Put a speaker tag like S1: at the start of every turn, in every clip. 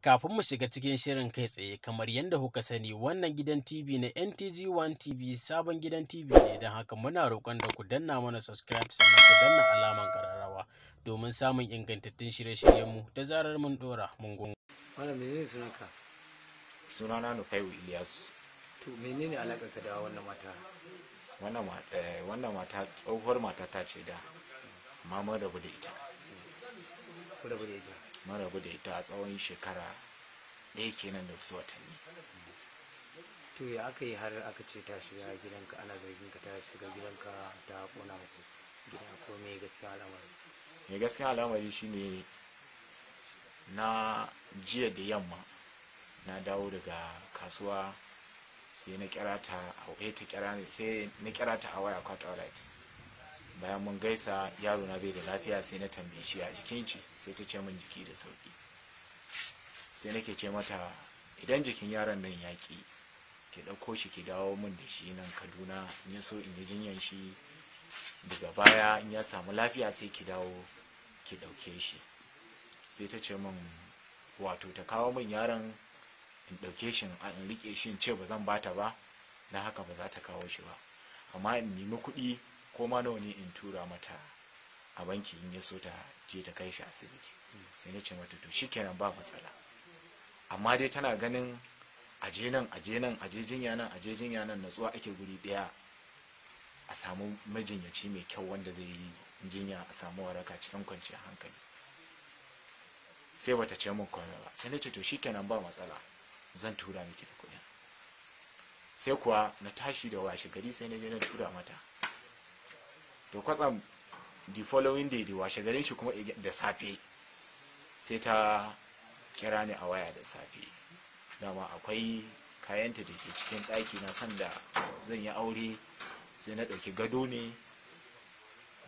S1: Kafin mu shiga cikin shirin kai tsaye kamar yadda kuka sani wannan gidan TV na NTG1 TV sabon gidan TV ne don haka muna roƙon da ku danna mana subscribe sannan ku danna alaman kararrawa domin samun ingantattun shirye-shiryenmu da zarar mun ɗora mun gungu. Malam menene sunanka? Sunana Nufaiwu Iliyasu. To menene alaƙa ka da wannan mata? Wannan eh, mata tsohuwar mata ta ce da mamar rabu da ita. Mara rabu da ita a tsawon shekara ɗaya kenan da wasu watanni to ya aka yi har aka ce ta shiga gidanka ana zargin ka ta shiga gidanka ta kona musu gida ko me gaskiya al'amari me gaskiya al'amari shine na jiya da yamma na dawo daga kasuwa sai na kira ta eh, ta a waya kwata waya bayan mun gaisa yaro na bai da lafiya sai na tambaye shi a jikin shi sai ta ce min jiki da sauki sai nake ce mata idan jikin yaron nan ya ki ki ɗauko shi ki dawo min da shi nan kaduna in ya so in yi jinyar shi daga baya in ya samu lafiya sai ki dawo ki ɗauke shi sai ta ce min wato ta kawo min yaron in ɗauke shi in rike shi in ce ba zan bata ba na haka ba za ta kawo shi ba amma in nemi kuɗi ko ma nawa ne in tura mata a banki in ya so ta je ta kai shi asibiti sai na ce mata to shikenan ba matsala amma dai tana ganin aje nan aje nan aje jinya nan aje jinya nan natsuwa ake guri daya a samu majinyaci mai kyau wanda zai yi jinya a samu waraka cikin kwanciyar hankali sai bata ce min kwana ba sai na ce to shikenan ba matsala zan tura miki da kuɗin sai kuwa na tashi da washe gari sai na je na tura mata to kwatsam the following day da washe garin shi kuma da safe sai ta kira ni a waya da safe dama akwai kayanta da ke cikin ɗaki na sanda zan yi aure sai na ɗauki gado ne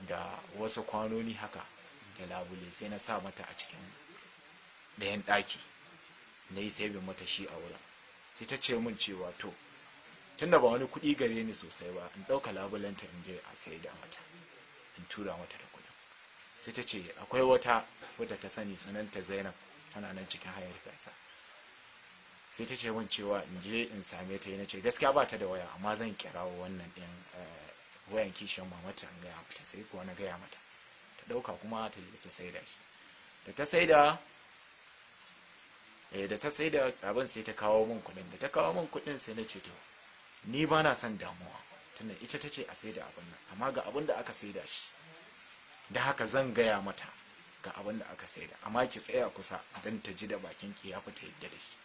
S1: da wasu kwanoni haka da labule sai na sa mata a cikin ɗayan ɗaki na yi sabin mata shi a wurin sai ta ce min cewa to tunda ba wani kuɗi gare ni sosai ba in ɗauka labulanta in je a sai da mata in tura mata da kuɗin sai ta ce akwai wata wadda ta sani sunanta zainab tana nan cikin hayar gasa sai ta ce min cewa in je in same ta yi na ce gaskiya ba ta da waya amma zan kirawo wannan ɗin eh, wayan kishiyar mamata in gaya mata sai kuwa na gaya mata ta ɗauka kuma ta je ta saida shi da ta saida eh, da ta da abin sai ta kawo min kuɗin da ta kawo min kuɗin sai na ce to ni ba na son damuwa tunda ita ta ce a sai da abin nan amma ga abin da aka sai da shi da haka zan gaya mata ga abin da aka sai da amma ki tsaya kusa don ta ji da bakin ki ya fita yadda da shi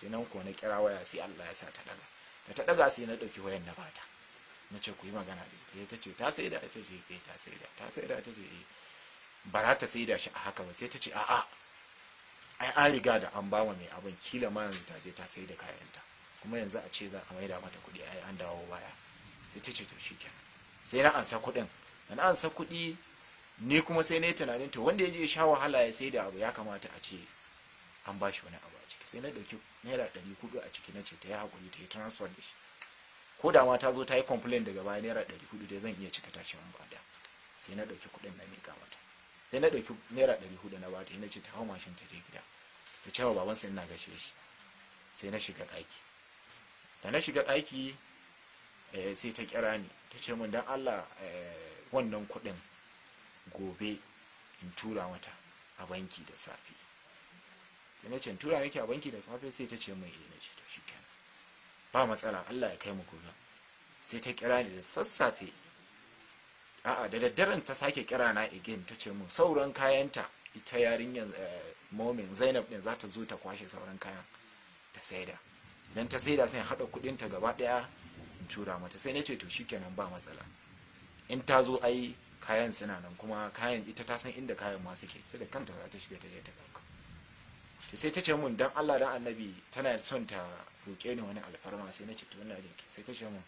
S1: sai nan ko na kira waya sai Allah ya sa ta daga da ta daga sai na dauki wayan na bata na ce ku yi magana da ita ta ce ta sai da ta ce ke ta sai ta sai da ta ce eh. ba za ta sai shi a haka ba sai ta ce a'a ai an riga da an wa mai abin kila ma yanzu ta je ta sai da kayanta kuma yanzu a ce za a maida mata kuɗi yi an dawo baya sai ta ce to shikenan sai na ansa kuɗin na ansa kuɗi ni kuma sai na yi tunanin to wanda ya je sha wahala ya sai da abu ya kamata a ce an ba shi wani abu a ciki sai na ɗauki naira ɗari kuɗi a ciki na ce ta yi haƙuri ta yi transfer da shi ko da ma ta zo ta yi complain daga baya naira ɗari kuɗi dai zan iya cika tashi ba bada sai na ɗauki kuɗin na miƙa mata sai na ɗauki naira ɗari hudu na bata na ce ta hau mashin ta je gida ta cewa baban sai ina gashe shi sai na shiga ɗaki da na shiga ɗaki eh, sai ta kira ni ta ce min don allah eh, wannan kuɗin gobe in tura mata a banki da safe sai na ce in tura miki a banki da safe sai ta ce min yi eh, na ce to shikenan ba matsala allah ya kai mu gobe sai ta kira ni da sassafe a'a da daddaren ta sake kira na again ta ce min sauran kayanta ita yarinyar momin zainab din za ta zo ta kwashe sauran kayan ta saida idan ta saida sai hada kudin ta gaba in tura mata sai na ce to shikenan ba matsala in ta zo ai kayan suna nan kuma kayan ita ta san inda kayan ma suke ta da kanta za ta shiga ta je ta ɗauka to sai ta ce mun dan Allah dan annabi tana son ta roke ni wani alfarma sai na ce to wannan jinki sai ta ce mun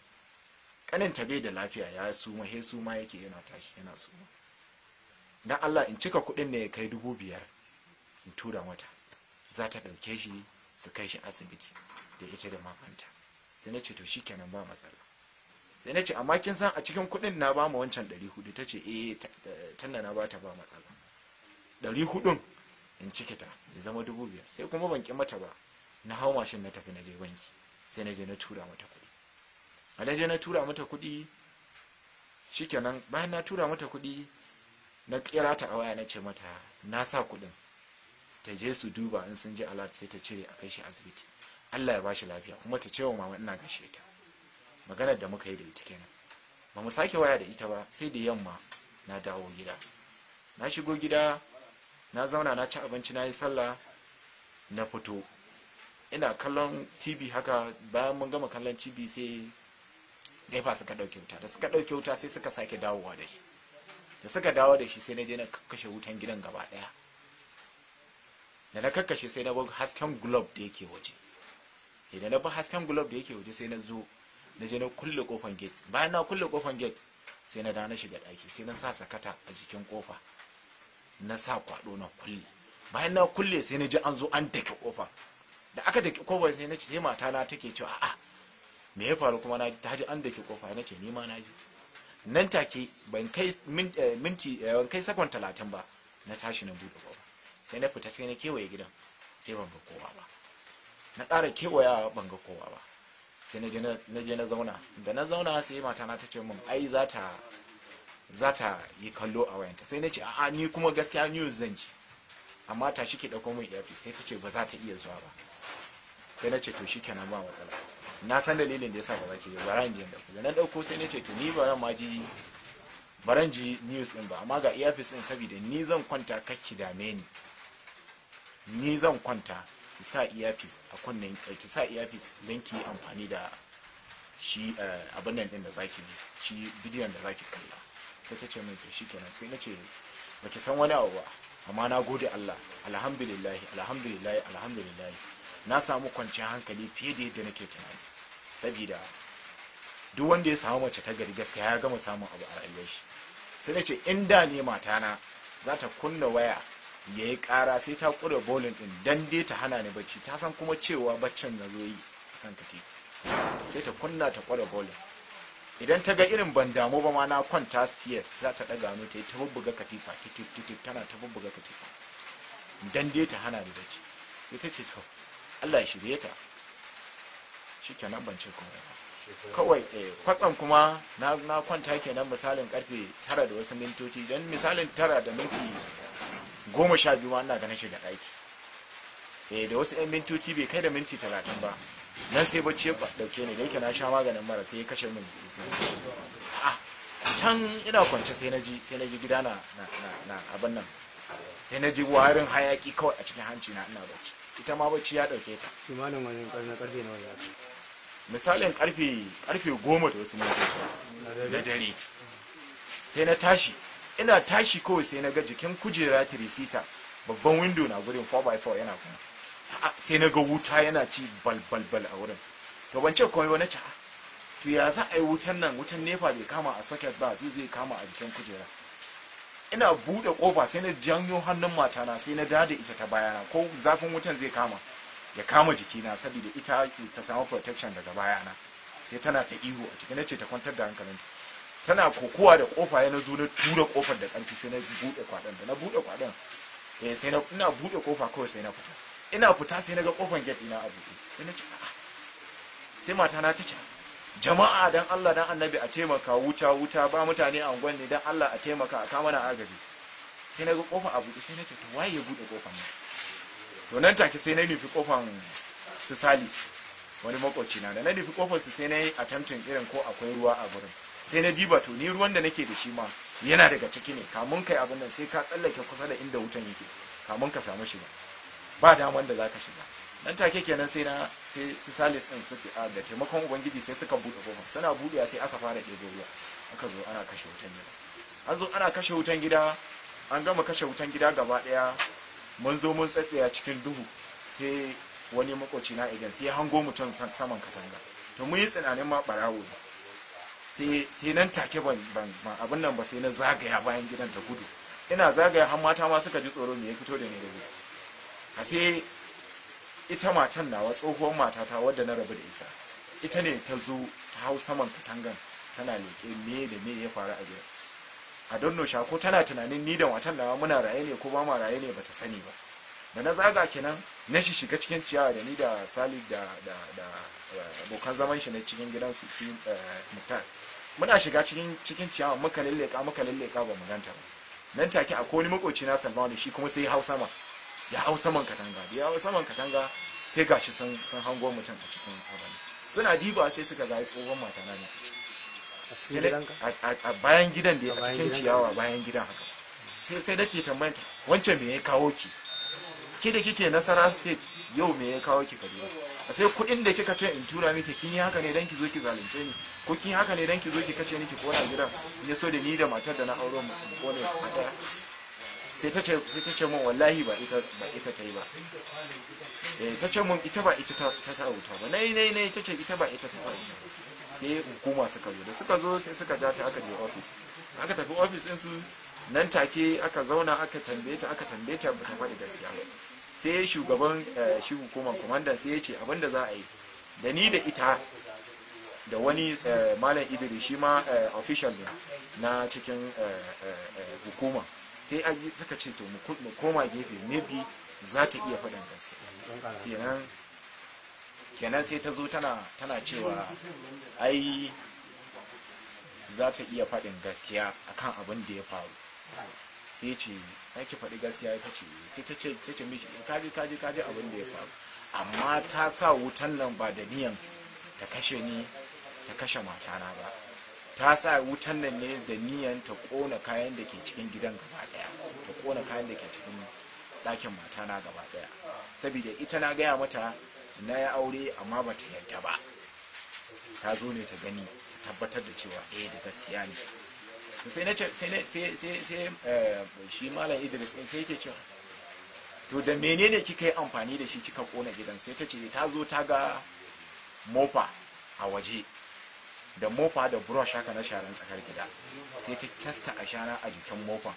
S1: kanin ta bai da lafiya ya suma he suma yake yana tashi yana suma dan Allah in cika kudin ne ya kai dubu biyar in tura mata za ta dauke shi su kai shi asibiti da ita da mamanta sai na ce to shikenan ba matsala sai na ce amma kin san a cikin kuɗin na ba ma wancan 400 ta ce eh tanda na ba ta ba matsala 400 in cike ta ya zama 5000 sai kuma ban ƙi mata ba na hau mashin na tafi na je banki sai na je na tura mata kuɗi a da je na tura mata kuɗi shikenan bayan na tura mata kuɗi na kira ta a waya na ce mata na sa kuɗin ta je su duba in sun je alat sai ta cire a kai shi asibiti Allah ya bashi lafiya kuma ta cewa mama ina gashe ta maganar da muka yi da ita kenan ba mu sake waya da ita ba sai da yamma na dawo gida na shigo gida na zauna na ci abinci na yi sallah na fito ina kallon tv haka bayan mun gama kallon tv sai ba suka ɗauke wuta da suka ɗauke wuta sai suka sake dawowa da shi da suka dawo da shi sai na je na kakkashe wutan gidan gaba ɗaya da na kakkashe sai na ga hasken globe da yake waje idan na bi hasken gulob da yake waje sai na zo na je na kulle kofan gate bayan na kulle kofan gate sai na dana shiga daki sai na sa sakata a jikin kofa na sa kwado na kulle bayan na kulle sai na ji an zo an dake kofa da aka dake kofa sai na ce sai mata na take cewa a'a me ya faru kuma na ta ji an dake kofa na ce ni ma na ji nan take ban kai eh, minti eh, ban kai sakon talatin ba na tashi na buɗe kofa sai na fita sai na kewaye gidan sai ban ga kowa ba na ƙara kewaya ban ga kowa ba sai na je na zauna da na zauna sai mata na ta ce min ai za ta za ta yi kallo a wayanta sai na ce a, ni kuma gaskiya news zan ji amma ta shi ke ɗauko min yafi sai ta ce ba za ta iya zuwa ba sai na ce to shi kenan ba matsala na san dalilin da yasa ba za ki je bara in je da na ɗauko sai na ce to ni ba ma ji baran ji news din ba amma ga earpiece din saboda ni zan kwanta kakki dame ni ni zan kwanta ki sa earpiece a kunnen eh, ki sa earpiece don ki amfani da shi eh, abin nan din da zaki ne shi bidiyon da zaki kalla sai ta ce min shi shikenan sai na ce baki san wani abu ba amma na gode Allah alhamdulillah alhamdulillah alhamdulillah na samu kwanciyar hankali fiye da yadda nake tunani saboda duk wanda ya samu mace ta gari gaskiya ya gama samun abu a rayuwar shi sai na ce in da ne matana za ta kunna waya ya yi kara sai ta kure bolin din dan dai ta hana ni bacci ta san kuma cewa baccin na zo yi kan kati sai ta kunna ta ƙure bolin idan ta ga irin ban damu ba ma na kwanta siyar za ta daga mu ta yi ta bubbuga katifa titip tana ta bubbuga katifa dan dai ta hana ni bacci sai ta ce to Allah ya shirye ta shikenan ban ce kuma ba kawai eh, kwatsam kuma na kwanta kenan misalin karfe tara da wasu mintoci don misalin tara da minti goma sha biyu ma ina ganin shiga ɗaki eh da wasu yan mintoci bai kai da minti talatin ba nan sai bacci ya ɗauke ni da yake na sha maganin mara sai ya kashe min a
S2: can ina kwance
S1: sai na ji sai na ji gida na na abin nan sai na ji warin hayaki kawai a cikin hanci na ina bacci ita ma bacci ya ɗauke ta kimanin wani karfe na wani misalin karfe karfe goma da wasu mintoci da dare sai na tashi ina tashi kawai sai na ga jikin kujera tirisita babban windo na gurin 4x4 yana kuma sai na ga wuta yana ci balbalbal a wurin to ban ce komai wani ci to ya za a yi wutan nan wutan nefa bai kama a socket ba zai zai kama a jikin kujera ina buɗe ƙofa sai na janyo hannun matana sai na dada ita ta bayana ko zafin wutan zai kama ya kama jikina saboda ita ta samu protection daga bayana sai tana ta ihu a cikin ce ta kwantar da hankalinta tana kokowa da kofa ya na zo na tura kofar da kanti sai na bude kwadan da na bude kwadan eh sai na ina bude kofa kawai sai na fita ina fita sai na ga kofar gate ina a bude sai na ce sai mata na ta ce jama'a dan Allah dan Annabi a taimaka wuta wuta ba mutane a unguwan ne dan Allah a taimaka a kama na agaji sai na ga kofa a bude sai na ce to waye ya bude kofar ne to nan take sai na nufi kofar su salis wani makwaci na da na nufi kofar su sai na yi attempting irin ko akwai ruwa a gurin sai na diba to ni ruwan da nake da shi ma yana daga ciki ne kamun kai abin nan sai ka tsallake kusa da inda wutan yake kamun ka samu shiga ba daman da zaka shiga nan take kenan sai na sai su salis din su da taimakon ubangiji sai suka bude kofa suna budewa sai aka fara ɗebo ruwa aka zo ana kashe wutan gida an zo ana kashe wutan gida an gama kashe wutan gida gaba daya mun zo mun tsatsaya cikin duhu sai wani makoci na idan sai hango mutum saman katanga to mun yi tsinanin ma barawo ne sai nan take ban abin nan ba sai na zagaya bayan gidan da gudu ina zagaya har mata ma suka ji tsoro me ya fito da ni da gudu a sai ita matan nawa tsohuwar matata wadda na rabu da ita ita ne ta zo ta hau saman katangan tana leƙe me da me ya faru a gidan a don ko tana tunanin ni da matan nawa muna raye ne ko ba ma raye ne ba ta sani ba da na zaga kenan na shi shiga cikin ciyawa da ni da salik da abokan zaman shi na cikin gidan su fi eh, mutar muna shiga cikin ciyawa muka lalleka muka lalleka ba mu ganta ba nan take akwai wani makoci na salmanu shi kuma sai hau sama ya hau saman katanga ya hau saman katanga sai gashi sun sun hango mutum a cikin abin suna diba sai suka ga tsohon mata na ne a bayan gidan da a cikin ciyawa bayan gidan haka sai sai na ce tambayanta wancan me ya kawo ki ke da kike nasara state yau me ya kawo ki kaduna a sai kuɗin da kika ce in tura miki kin yi haka ne dan ki zo ki zalunce ni ko kin haka ne dan ki zo ki kashe ni ki kona gidan in ya so da ni da matar da na auro mu kone a daya sai ta ce sai ta ce mun wallahi ba ita ba ita ta yi ba eh ta ce mun ita ba ita ta ta sa wuta ba nai nai nai ta ce ita ba ita ta sa wuta sai hukuma suka zo da suka zo sai suka ja ta aka je office aka tafi office din su nan take aka zauna aka tambaye ta aka tambaye ta ba ta faɗi gaskiya ba sai shugaban eh, shi hukumar komanda sai ya ce abinda za a yi da ni da ita da wani eh, malam idiri shi ma eh, official ne na cikin hukuma sai a suka ce to mu koma gefe maybe za ta iya faɗin gaske kenan sai ta zo tana cewa ai za ta iya faɗin gaskiya akan abin da ya faru sai ce ya ki faɗi gaskiya ita ce sai ta ce ta ce mishi eh, kaji kaji kaji abin da ya faru amma ta sa wutan nan ba da niyan ta kashe ni ta kashe matana ba ta sa wutan nan ne da niyan ta kona kayan da ke cikin gidan gaba daya ta kona kayan da ke cikin ɗakin matana gaba daya saboda ita na gaya mata na ya aure amma ba ta yarda ba ta zo ne ta gani ta tabbatar da cewa ɗaya eh, da gaskiya ne sai na ce sai sai sai eh, shi malam idris sai yake cewa to da menene kika yi amfani da shi kika kona gidan sai ta ce ta zo ta ga mofa a waje da mofa da brush haka na sharan tsakar gida sai ta testa a shana a jikin mofan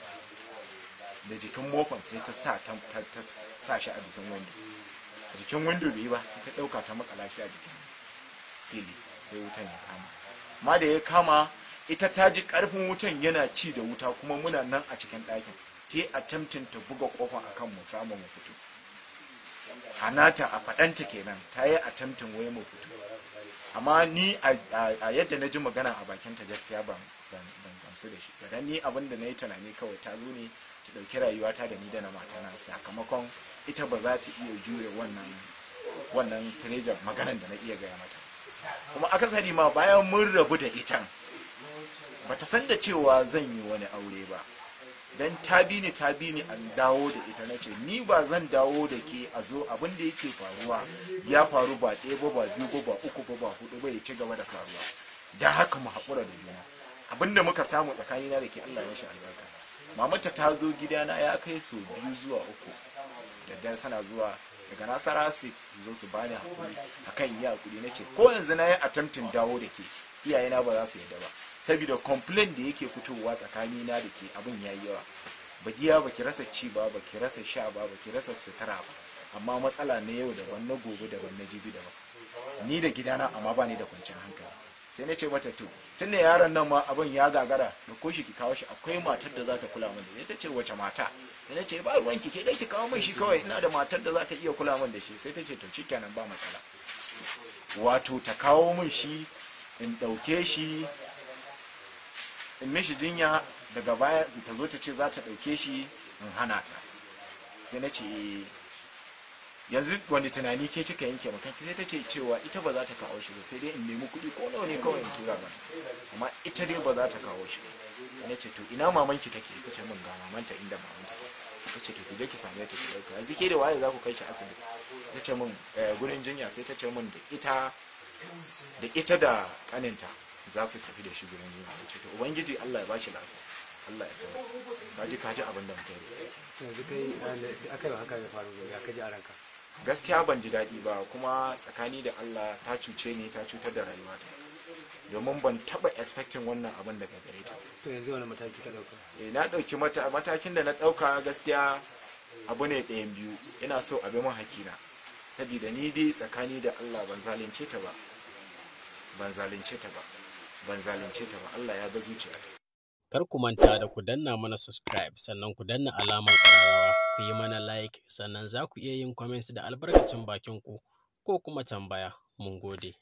S1: da jikin mofan sai ta sa ta sa shi a jikin wando a jikin wando bai ba sai ta dauka ta makala shi a jikin sili sai wutan ya kama ma da ya kama ita ta ji ƙarfin wutan yana ci da wuta kuma muna nan a cikin ɗakin ta yi attempting ta buga kofar akan mu samun mu fito a nata a faɗanta kenan ta yi attempting wai mu fito amma ni a yadda na ji magana a bakin ta gaskiya ban gamsu da shi ba ni abin da na yi tunani kawai ta zo ne ta ɗauki rayuwata da ni da na matana sakamakon ita ba za ta iya jure wannan wannan maganan da na iya gaya mata kuma akasari ma bayan mun rabu da itan bata san da cewa zan yi wani aure ba dan ta bi ni ta bi ni an dawo da ita na ce ni ba zan dawo da ke a zo abin da yake faruwa ya faru ba ɗaya ba ba biyu ba uku ba ba hudu ba ya ci gaba da faruwa da haka mu haƙura da juna abin da muka samu tsakanina da ke Allah ya shi albarka mamata ta zo gidana ya kai so biyu zuwa uku da Dan sana zuwa daga nasara state zo su bani hakuri akan yi hakuri na ce ko yanzu na yi attempting dawo da ke iyayena ba za su yadda ba saboda complain da yake fitowa tsakanina da ke abin ya yi yawa ba giya ba ki rasa ci ba ba ki rasa sha ba ba ki rasa sutura ba amma matsala na yau daban na gobe daban na jibi daban ni da gidana amma ba ni da kwanciyar hankali sai na ce mata to tunda yaron nan ma abin ya gagara da ko ki kawo shi akwai matar da za ta kula min da ita ce wace mata sai na ce ba ruwan ki ke dai ki kawo min shi kawai ina da matar da za ta iya kula min da shi sai ta ce to shikenan ba matsala wato ta kawo min shi in ɗauke shi in mishi jinya daga baya ta zo ta ce za ta ɗauke shi in hana ta sai na ce eh, yanzu wani tunani ke kika yanke maka sai ta ce cewa ita ba za ta kawo shi ba sai dai in nemi kuɗi ko nawa ne kawai in tura ba amma ita dai ba za ta kawo shi sai na ce to ina mamanki take ta ce min ga mamanta inda mamanta ta ce to ku je ki same ta ki ɗauka yanzu ke da waye za ku kai shi asibiti ta ce min eh, gurin jinya sai ta ce min da ita da ita da kaninta za su tafi da shi gurin yunwa a cikin ubangiji allah ya ba shi lafi allah ya sami. kaji kaji abin da muka yi eh, ya gaskiya ban ji daɗi ba kuma tsakani da allah ta cuce ne ta cutar da rayuwata domin ban taɓa expecting wannan abin daga gare ta to yanzu wani mataki ka ɗauka eh, na ɗauki matakin da na ɗauka gaskiya abu ne ɗayan biyu ina so abin hakina saboda ni dai tsakani da allah ban zalunce ta ba ban zalunce ta ba ban zalunce ta ba Allah ya ga ta. kar ku manta da ku danna mana subscribe sannan ku danna alamar kararrawa ku yi mana like sannan za ku iya yin comments da albarkacin bakin ku ko kuma tambaya mun gode